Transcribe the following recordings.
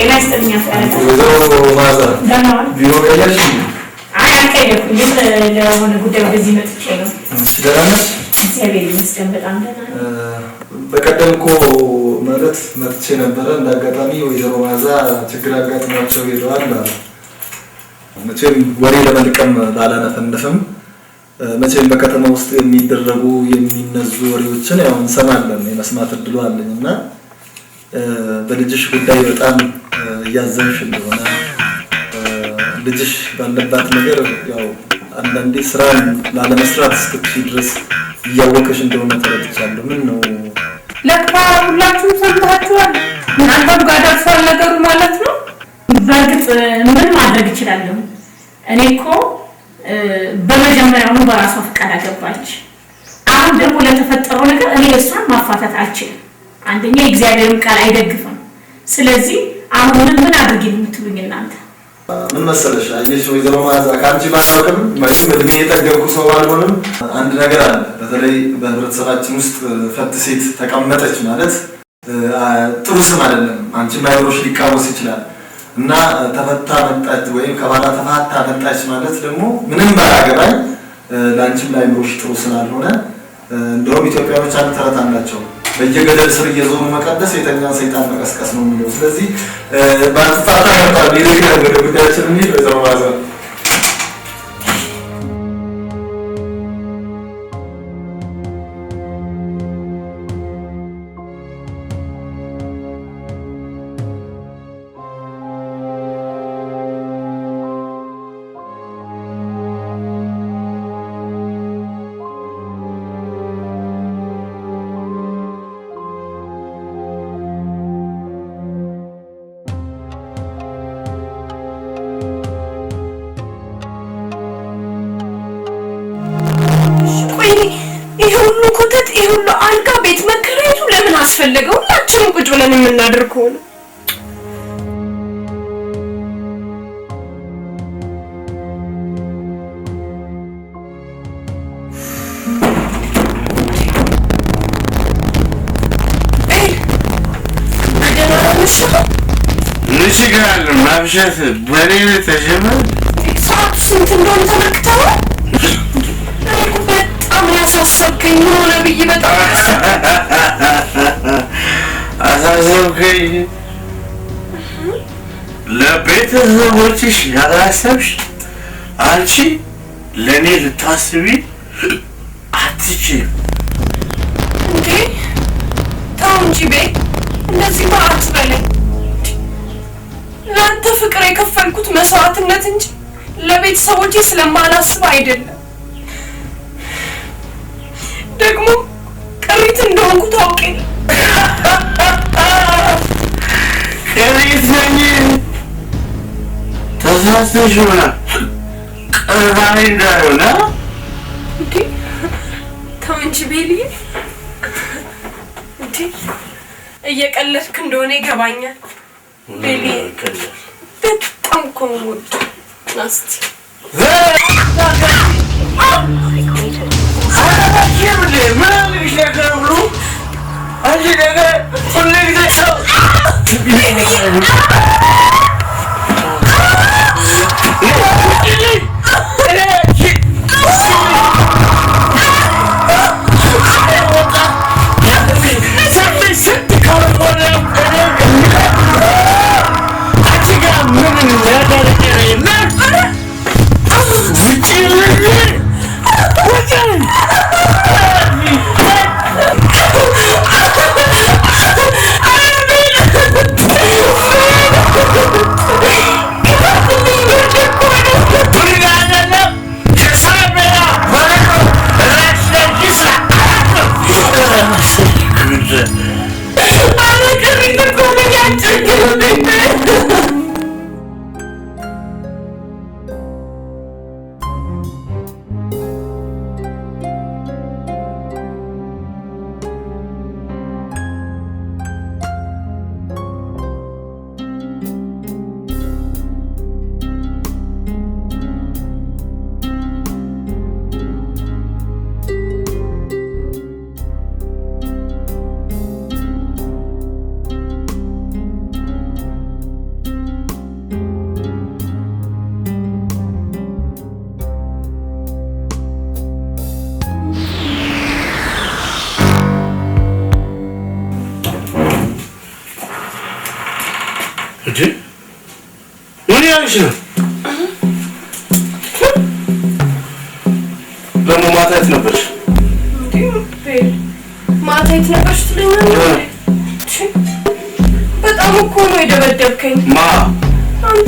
ጤና ይስጥልኝ። ለሆነ ጉዳይ ወደዚህ ነው። በቀደም እኮ ማለት መጥቼ ነበረ። እንደ አጋጣሚ ወይዘሮ ማዛ ችግር አጋጥሟቸው ሄደዋል። መቼም ወሬ ለመልቀም ላላነፈንፍም። መቼም በከተማ ውስጥ የሚደረጉ የሚነዙ ወሬዎችን ያው እንሰማለን የመስማት እድሉ አለኝ እና በልጅሽ ጉዳይ በጣም እያዘንሽ እንደሆነ ልጅሽ ባለባት ነገር ያው አንዳንዴ ስራን ላለመስራት እስክትሽ ድረስ እያወቀሽ እንደሆነ ተረድቻለሁ። ምን ነው ለካ ሁላችሁም ሰምታችኋል። አንተም ጋር ደርሷል ነገሩ ማለት ነው። በእርግጥ ምን ማድረግ እችላለሁ? እኔ እኮ በመጀመሪያውኑ በራሷ ፈቃድ አገባች። አሁን ደግሞ ለተፈጠረው ነገር እኔ እሷን ማፋታት አልችልም። አንደኛ የእግዚአብሔርን ቃል አይደግፍም። ስለዚህ አሁንም ምን አድርጌ የምትሉኝ እናንተ ምን መሰለሽ አየሽ፣ ወይዘሮ ማዛ ከአንቺ ባላውቅም መቼም እድሜ የጠገብኩ ሰው ባልሆንም አንድ ነገር አለ። በተለይ በህብረተሰባችን ውስጥ ፈት ሴት ተቀመጠች ማለት ጥሩ ስም አይደለም። አንቺ አይኖሮሽ ሊቃወስ ይችላል እና ተፈታ መጣች ወይም ከባላ ተፋታ መጣች ማለት ደግሞ ምንም ባላገባኝ ለአንቺም አይኖሮሽ ጥሩ ስላልሆነ እንደውም ኢትዮጵያኖች አንድ ተረት አላቸው በየገደል ስር እየዞሩ መቀደስ የተኛን ሰይጣን መቀስቀስ ነው የሚለው። ስለዚህ በአንጻታ ያጣ ይሄ ነገር ጉዳያችን የሚል በዛው ማዘን ካስፈለገ ሁላችንም ቁጭ ብለን የምናደርግ ከሆነ ጋር ማብሸት በሌለ ተጀመረ። ሰዓቱ ስንት እንደሆነ በጣም ያሳሰብከኝ ሆነ ብዬ በጣም ያላሰብከኝ ለቤተሰቦችሽ ያላሰብሽ አንቺ ለእኔ ልታስቢ አትችይም። እንዴ ተው እንጂ ቤት እንደዚህ ማአት በለኝ። ለአንተ ፍቅር የከፈልኩት መስዋዕትነት እንጂ ለቤተሰቦቼ ስለማላስብ አይደለም። ደግሞ ቅሪት እንደሆንኩ ታውቄ ፈሳሽ ሆነ ቅራኔ እንዳልሆነ ከምንች ቤል እየቀለድክ እንደሆነ ይገባኛል። ቤል በጣም እኮ ነው የምወደው ናስቲ ምን Kilig! Kilig!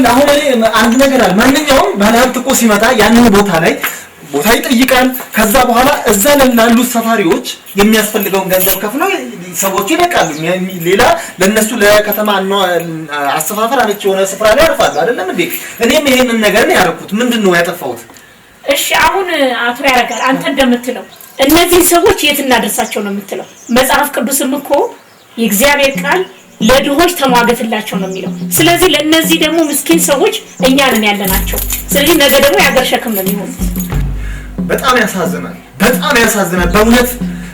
ይኸውልህ አሁን እኔ አንድ ነገር አለ። ማንኛውም ባለሀብት እኮ ሲመጣ ያንን ቦታ ላይ ቦታ ይጠይቃል። ከዛ በኋላ እዛ ላሉት ሰፋሪዎች የሚያስፈልገውን ገንዘብ ከፍሎ ሰዎቹ ይለቃሉ። ሌላ ለነሱ ለከተማ አሰፋፈር አመች የሆነ ስፍራ ላይ ያርፋሉ። አይደለም እንዴ? እኔም ይሄንን ነገር ነው ያደረኩት። ምንድን ነው ያጠፋሁት? እሺ አሁን አቶ ያደርጋል አንተ እንደምትለው እነዚህ ሰዎች የት እናደርሳቸው ነው የምትለው። መጽሐፍ ቅዱስም እኮ የእግዚአብሔር ቃል ለድሆች ተሟገትላቸው ነው የሚለው። ስለዚህ ለእነዚህ ደግሞ ምስኪን ሰዎች እኛ ነን ናቸው። ስለዚህ ነገ ደግሞ የሀገር ሸክም ነው የሚሆኑት። በጣም ያሳዝናል፣ በጣም ያሳዝናል። በእውነት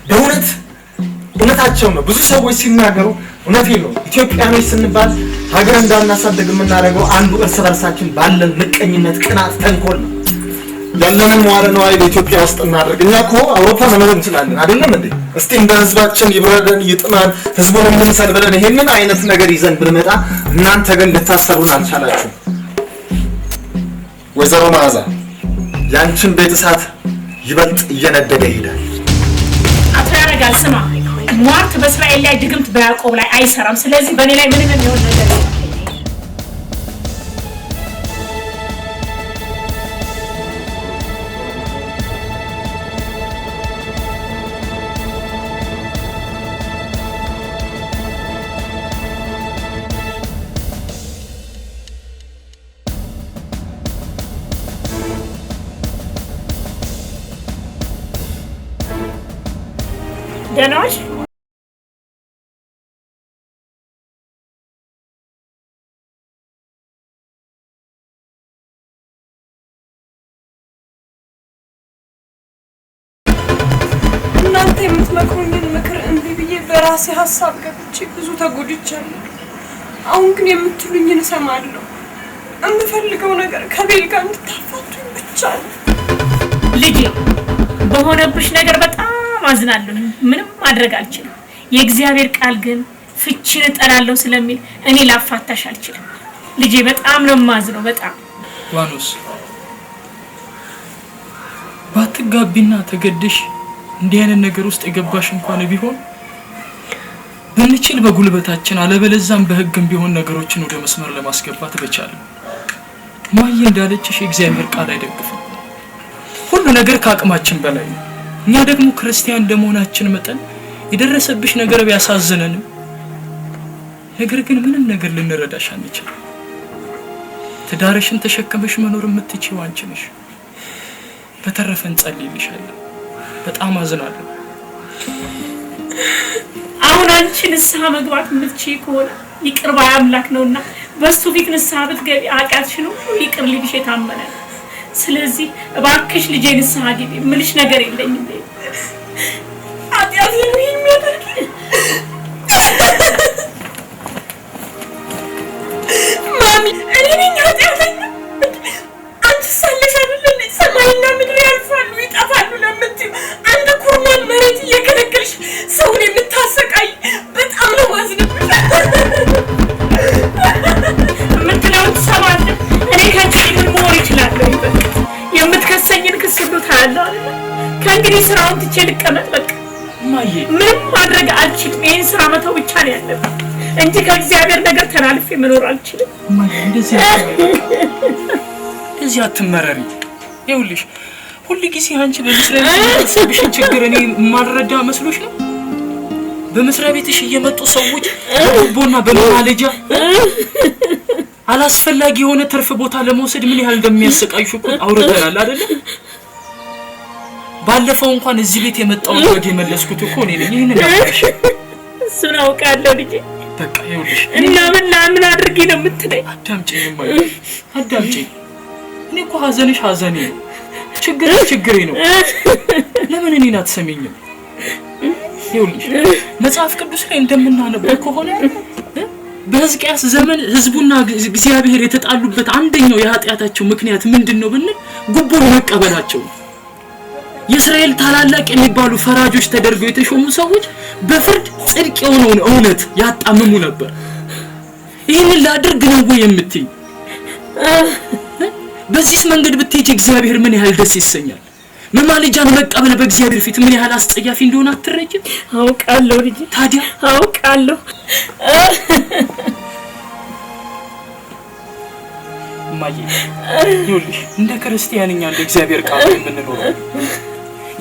በእውነት እውነታቸው ነው። ብዙ ሰዎች ሲናገሩ እውነት ነው። ኢትዮጵያኖች ስንባል ሀገር እንዳናሳደግ የምናደርገው አንዱ እርስ በርሳችን ባለን ምቀኝነት፣ ቅናት፣ ተንኮል ነው። ያለንን መዋለ ነዋይ በኢትዮጵያ ውስጥ እናደርግ። እኛ እኮ አውሮፓ መኖር እንችላለን አይደለም እንዴ? እስቲ እንደ ህዝባችን ይብረደን፣ ይጥናን፣ ህዝቡን እንንሰል ብለን ይሄንን አይነት ነገር ይዘን ብንመጣ እናንተ ግን ልታሰሩን አልቻላችሁም። ወይዘሮ መዓዛ ያንቺን ቤት እሳት ይበልጥ እየነደደ ይሄዳል። አቶ ያረጋል ስማ፣ ሟርት በእስራኤል ላይ ድግምት በያዕቆብ ላይ አይሰራም። ስለዚህ በእኔ ላይ ምንም የሚሆን ነገር ደህና ዋልሽ? እናንተ የምትመክሩኝን ምክር እምቢ ብዬ በራሴ ሀሳብ ገብቼ ብዙ ተጎድቻለሁ። አሁን ግን የምትሉኝን እሰማለሁ። የምፈልገው ነገር ከቤል ጋር እንድታፋቱኝ ብቻ ነው ልጄ በሆነብሽ ነገር በጣም አዝናለሁ። ምንም ማድረግ አልችልም። የእግዚአብሔር ቃል ግን ፍቺን እጠላለሁ ስለሚል እኔ ላፋታሽ አልችልም። ልጄ በጣም ነው የማዝነው። በጣም ዋኖስ ባትጋቢና ተገደሽ እንዲህ አይነት ነገር ውስጥ የገባሽ እንኳን ቢሆን ብንችል በጉልበታችን አለበለዛም በሕግም ቢሆን ነገሮችን ወደ መስመር ለማስገባት በቻለ ማየ እንዳለችሽ የእግዚአብሔር ቃል አይደግፍም። ሁሉ ነገር ከአቅማችን በላይ ነው። እኛ ደግሞ ክርስቲያን እንደመሆናችን መጠን የደረሰብሽ ነገር ቢያሳዝነንም ነገር ግን ምንም ነገር ልንረዳሽ አንችልም። ትዳርሽን ተሸከመሽ መኖር የምትችይው አንቺ ነሽ። በተረፈ እንጸልይልሻለን። በጣም አዝናለሁ። አሁን አንቺ ንስሐ መግባት የምትችይ ከሆነ ይቅር ባይ አምላክ ነውና በሱ ፊት ንስሐ ብትገቢ ኃጢአትሽን ሁሉ ይቅር ሊልሽ የታመነ ነው። ስለዚህ እባክሽ ልጄ ንስሐ ግቢ። ምልሽ ነገር የለኝም። ኃጢአት የምትከሰኝን ክስ ሁሉ ታያለህ አይደለ? ከእንግዲህ ስራውን ትቼ ልቀመጥ በቃ። ምንም ማድረግ አልችልም። ይህን ስራ መተው ብቻ ነው ያለብህ እንጂ ከእግዚአብሔር ነገር ተላልፌ መኖር አልችልም። እዚህ አትመረሪ። ይኸውልሽ ሁልጊዜ አንቺ በሚስለሽን ችግር እኔ ማልረዳ መስሎሽ ነው? በመስሪያ ቤትሽ እየመጡ ሰዎች ቦና በመማለጃ አላስፈላጊ የሆነ ትርፍ ቦታ ለመውሰድ ምን ያህል እንደሚያሰቃይሽ እኮ አውርደናል አይደለ? ባለፈው እንኳን እዚህ ቤት የመጣውን ወደ የመለስኩት እኮ እኔ ነኝ። ይሄን ነሽ እሱን አውቃለሁ ልጄ። በቃ ይኸውልሽ እና ምን ምን አድርጊ ነው የምትለኝ? አዳምጪኝ ማለት አዳምጪኝ። እኔ እኮ ሀዘንሽ ሀዘኔ ነው፣ ችግር ችግሬ ነው። ለምን እኔን አትሰሚኝም? ይኸውልሽ መጽሐፍ ቅዱስ ላይ እንደምናነበው ከሆነ በሕዝቅያስ ዘመን ህዝቡና እግዚአብሔር የተጣሉበት አንደኛው የኃጢአታቸው ምክንያት ምንድን ነው ብንል ጉቦ መቀበላቸው የእስራኤል ታላላቅ የሚባሉ ፈራጆች ተደርገው የተሾሙ ሰዎች በፍርድ ጽድቅ የሆነውን እውነት ያጣምሙ ነበር። ይህንን ላድርግ ነው ወይ የምትይ? በዚህስ መንገድ ብትሄጅ እግዚአብሔር ምን ያህል ደስ ይሰኛል። መማልጃን መቀበል በእግዚአብሔር ፊት ምን ያህል አስጸያፊ እንደሆነ አትረጅም? አውቃለሁ ልጄ። ታዲያ አውቃለሁ እማዬ ይኸውልሽ እንደ ክርስቲያንኛ እንደ እግዚአብሔር ቃል የምንኖረው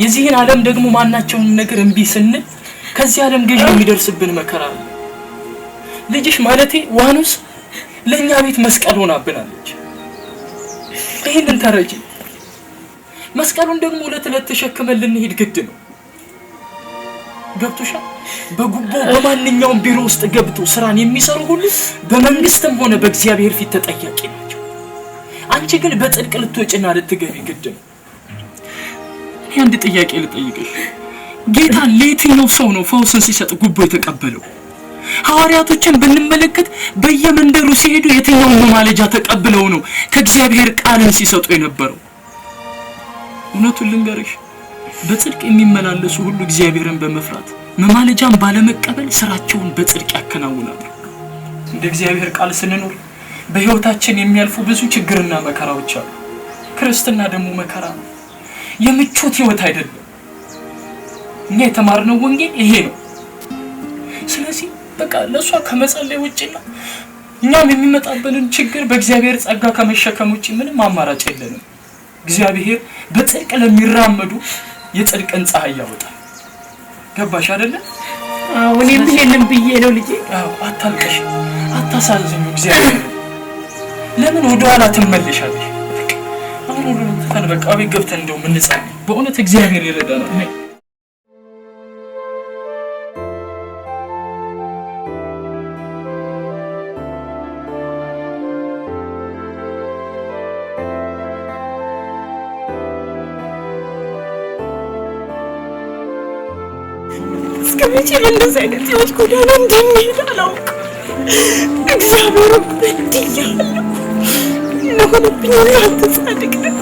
የዚህን ዓለም ደግሞ ማናቸውን ነገር እምቢ ስንል ከዚህ ዓለም ገዢ የሚደርስብን መከራ ነው። ልጅሽ ማለቴ ዋኑስ ለእኛ ቤት መስቀል ሆናብናለች። ይህንን ተረጂ። መስቀሉን ደግሞ ዕለት ዕለት ተሸክመን ልንሄድ ግድ ነው። ገብቶሻል? በጉቦ በማንኛውም ቢሮ ውስጥ ገብቶ ስራን የሚሰሩ ሁሉ በመንግስትም ሆነ በእግዚአብሔር ፊት ተጠያቂ ነው። አንቺ ግን በጽድቅ ልትወጭና ልትገቢ ግድ ነው። እኔ አንድ ጥያቄ ልጠይቅሽ። ጌታ ለየትኛው ሰው ነው ፈውስን ሲሰጥ ጉቦ የተቀበለው? ሐዋርያቶችን ብንመለከት በየመንደሩ ሲሄዱ የትኛውን መማለጃ ተቀብለው ነው ከእግዚአብሔር ቃልን ሲሰጡ የነበረው? እውነቱን ልንገርሽ፣ በጽድቅ የሚመላለሱ ሁሉ እግዚአብሔርን በመፍራት መማለጃን ባለመቀበል ስራቸውን በጽድቅ ያከናውናሉ። እንደ እግዚአብሔር ቃል ስንኖር በህይወታችን የሚያልፉ ብዙ ችግርና መከራዎች አሉ። ክርስትና ደግሞ መከራ ነው። የምቾት ህይወት አይደለም። እኛ የተማርነው ወንጌል ይሄ ነው። ስለዚህ በቃ ለእሷ ከመጸለይ ውጭና እኛም የሚመጣብንን ችግር በእግዚአብሔር ጸጋ ከመሸከም ውጭ ምንም አማራጭ የለንም። እግዚአብሔር በጽድቅ ለሚራመዱ የጽድቅን ፀሐይ ያወጣል። ገባሽ አይደለ? እኔም ይሄንን ብዬ ነው ልጄ። አታልቀሽ፣ አታሳዝኙ እግዚአብሔር ለምን ወደ ኋላ ትመለሻለሽ? አሁን ወደ ትተን በቃ ቤት ገብተን እንደው የምንጸልይ በእውነት እግዚአብሔር ይረዳናል። እስከመቼ አይነት ህይወት ጎዳና እንደሚሄድ አላውቅም። እግዚአብሔር በድያለሁ ለሆነብኝ አንተ ጻድቅ ነህ።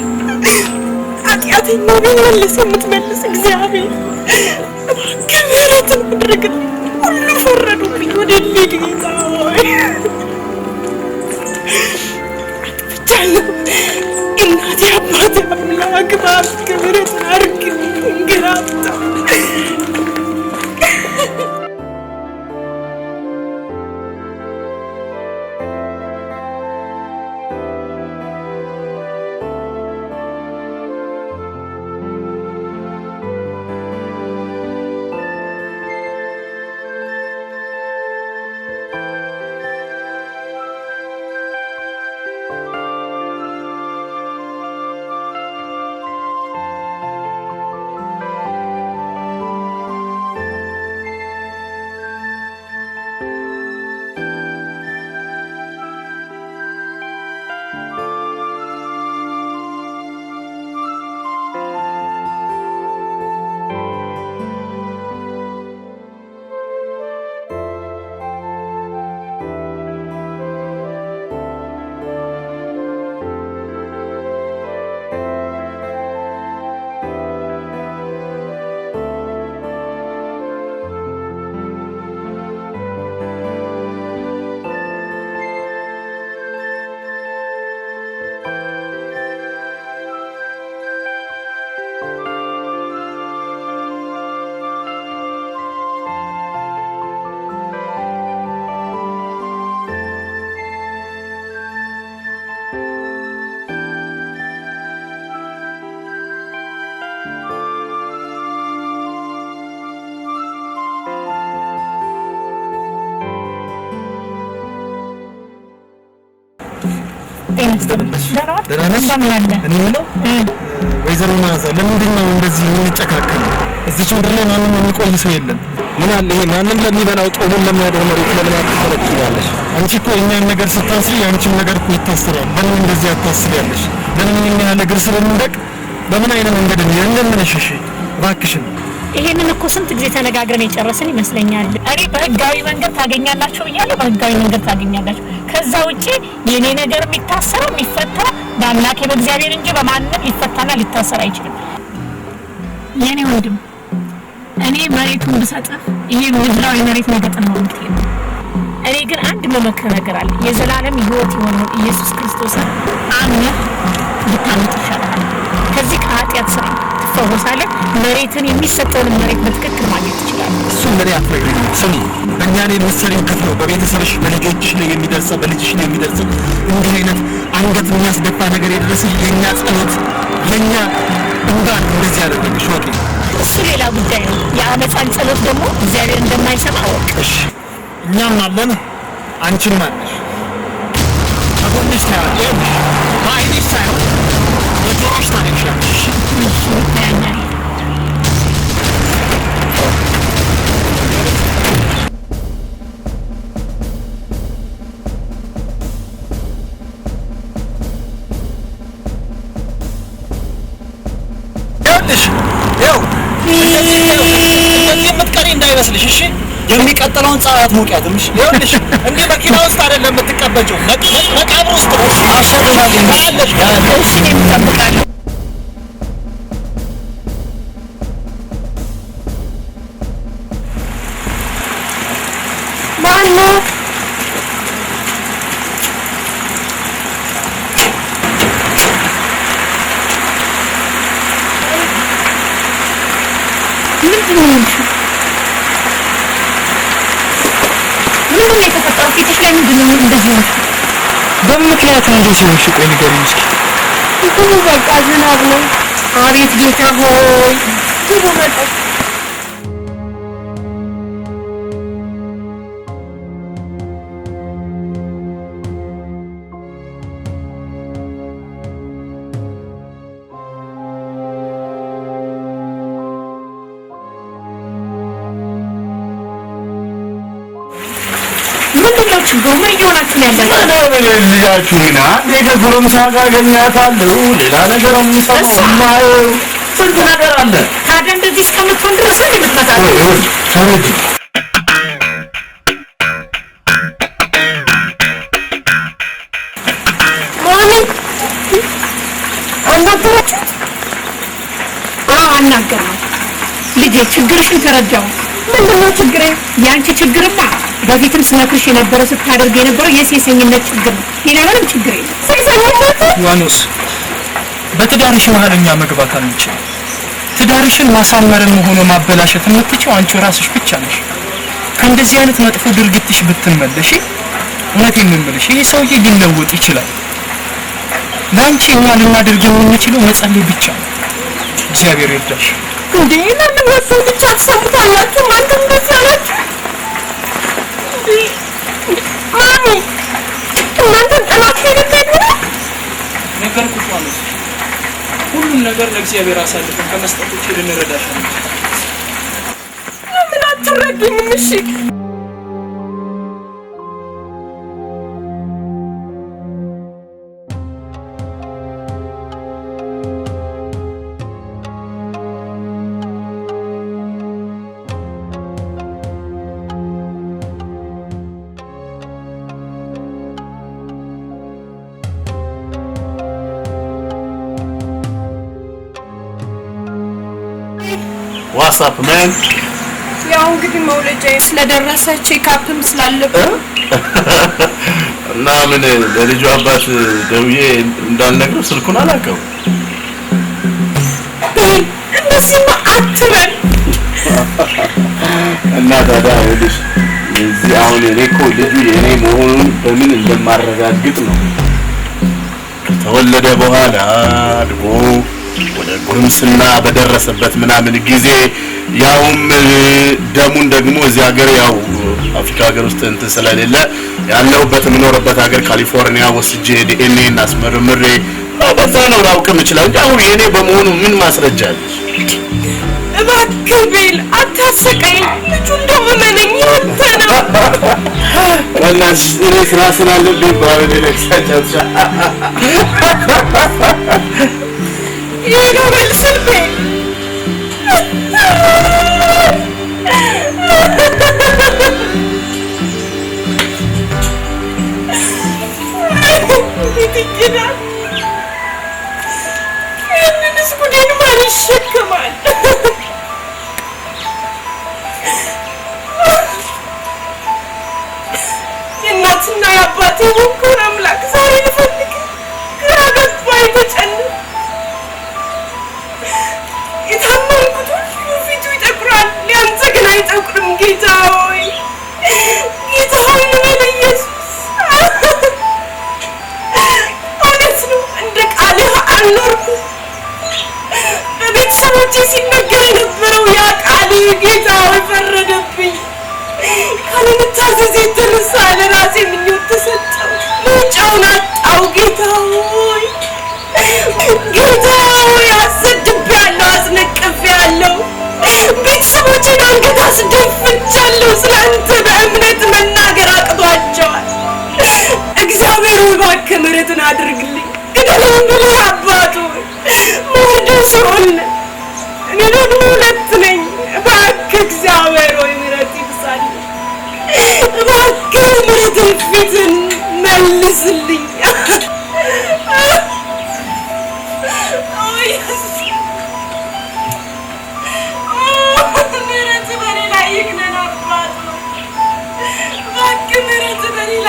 ኃጢአቴን መልሰህ የምትመልስ እግዚአብሔር ክብራትን ማድረግ ሁሉ ፈረዱብኝ። ወደ ሌድ ጌታ ሆይ አጥፍቻለሁ። እናቴ አባቴ አምላክ ክብራትን አድርግ እንግራ ወይዘሮ መዓዛ ለምንድን ነው እንደዚህ የምንጨካከለው? እዚህ ምድር ላይ ማንም የሚቆይ ሰው የለም። ምን አለ ይሄ ማንም ለሚበላው ጦሙን ለሚያደርግ መሬት ለምን አትፈረጭ አንቺ እኮ የእኛን ነገር ስታስቢ የአንቺን ነገር እኮ ይታስራል። ለምን እንደዚህ አታስቢ ለምን የኛ ያለ እግር ስር በምን አይነት መንገድ ነው እንደምንሽሽ? እባክሽን ይሄንን እኮ ስንት ጊዜ ተነጋግረን የጨረስን ይመስለኛል። እኔ በህጋዊ መንገድ ታገኛላችሁ ብያለሁ። በህጋዊ መንገድ ታገኛላችሁ ከዛ ውጪ የኔ ነገር የሚታሰረው የሚፈታ በአምላኬ በእግዚአብሔር እንጂ በማንም ሊፈታና ሊታሰር አይችልም። የኔ ወንድም እኔ መሬቱን ብሰጥህ ይሄ ምድራዊ መሬት ነገ ነው ምት እኔ ግን አንድ መመከር ነገር አለ። የዘላለም ህይወት የሆነው ኢየሱስ ክርስቶስን አምነህ ብታመጥ ቦታ መሬትን የሚሰጠውን መሬት በትክክል ማግኘት ይችላል። እሱ ምን ያፈሪ ስሚ፣ እኛ ላይ መሰሪ ግፍ ነው በቤተሰብሽ በልጆችሽ ላይ የሚደርሰው በልጅሽ ላይ የሚደርሰው እንዲህ አይነት አንገት የሚያስደፋ ነገር የደረሰ የእኛ ጸሎት የእኛ እንባ እንደዚህ ያደረግሽ ወቂ፣ እሱ ሌላ ጉዳይ ነው። የአመፃን ጸሎት ደግሞ እግዚአብሔር እንደማይሰማ አወቅሽ። እኛም አለን አንቺም አለሽ ከጎንሽ ታያለ በአይኔ አይመስልሽ? እሺ የሚቀጥለውን ፀሐያት ሙቅ ያድምሽ። ይኸውልሽ እንደ መኪና ውስጥ አይደለም የምትቀበጀው፣ መቃብር ውስጥ ነው። አሸርማለሽ። እሺ እኔ እጠብቃለሁ። ቤትሽ ላይ ምንድን ነው እንደዚህ ነው? በምን ምክንያት ነው እንደዚህ ሆንሽ? ቆይ ንገሪኝ እስኪ። ይሁን በቃ ዝናብ ነው። አቤት ጌታ ሆይ ይሁን በቃ ምን ልጃችሁ ግን አንዴ ከጎረምሳ ጋር አገኛታለሁ። ሌላ ነገር የምሰማው ስንት ነገር አለ። ታዲያ እንደዚህ እስከምትሆን ድረስ ነው የምትመጣው። አናገራው ልጄ ችግርሽን ተረዳው። ምንድነው ችግሬ? ያንቺ ችግርማ በፊትም ስመክርሽ የነበረ ስታደርግ የነበረው የሴሰኝነት ችግር ነው። ሌላ ምንም ችግር የለም። ሴሰኝነት ዮሐንስ፣ በትዳርሽ መሀል እኛ መግባት አንችልም። ትዳርሽን ማሳመርም ሆኖ ማበላሸት የምትችው አንቺ ራስሽ ብቻ ነሽ። ከእንደዚህ አይነት መጥፎ ድርጊትሽ ብትመለሽ፣ እውነቴን ነው የምልሽ፣ ይሄ ሰውዬ ሊለወጥ ይችላል። ለአንቺ እኛ ልናደርግ የምንችለው መጸለይ ብቻ ነው። እግዚአብሔር ይርዳሽ። እንዴ ለምን ወሰን ብቻ ትሰሙታላችሁ? ማንም እንደዚህ እናንተን ጥላችሁ ሄደበት ነው ነገርኩሽ ማለት ሁሉም ነገር ለእግዚአብሔር አሳልፈን ከመስጠት ልንረዳሽ ነው። ምን አትረዱኝም? እሺ ዋትስአፕ ምን ያው እንግዲህ መውለጃዬ ስለደረሰ ቼክአፕም ስላለብኝ እና ምን ለልጁ አባት ደውዬ እንዳልነግረው ስልኩን አላውቀውም። እንደዚህማ አትበል እና ታዲያ ይኸውልሽ እዚህ አሁን እኔ እኮ ልጁ የእኔ መሆኑን በምን እንደማረጋግጥ ነው ከተወለደ በኋላ አድጎ ጉርምስና በደረሰበት ምናምን ጊዜ ያውም ደሙን ደግሞ እዚህ ሀገር ያው አፍሪካ ሀገር ውስጥ እንትን ስለሌለ ያለሁበት የምኖርበት ሀገር ካሊፎርኒያ ወስጄ ዲኤንኤ እናስመርምሬ በዛ ነው ላውቅ የምችለው እንጂ አሁን የእኔ በመሆኑ ምን ማስረጃ አለ? እባክህ ቤል አታሰቃይ። ልጁ እንደምመለኝ ያንተ ነው። በእናትሽ እኔ ስራ ስላለብኝ ባለ ሌላ Yürü Melisir Bey. Dediklerim. Kendiniz bu benim arışık Kemal. Senin altında yapmadığım okul. እጅን አንገት አስደፍቻለሁ። ስለአንተ በእምነት መናገር አቅቷቸዋል። እግዚአብሔር እባክህ ምሕረትን አድርግልኝ። ግደለኝ ብለህ አባቱ መወደ ሰሆነ እኔ ደግሞ ሁለት ነኝ። እባክህ እግዚአብሔር ወይ ምሕረት ይብሳል። እባክህ ምሕረትን ፊትን መልስልኝ።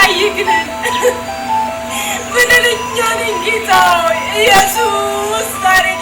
ጠይቅን። ምንኛ ነኝ ጌታ ኢየሱስ ዛሬ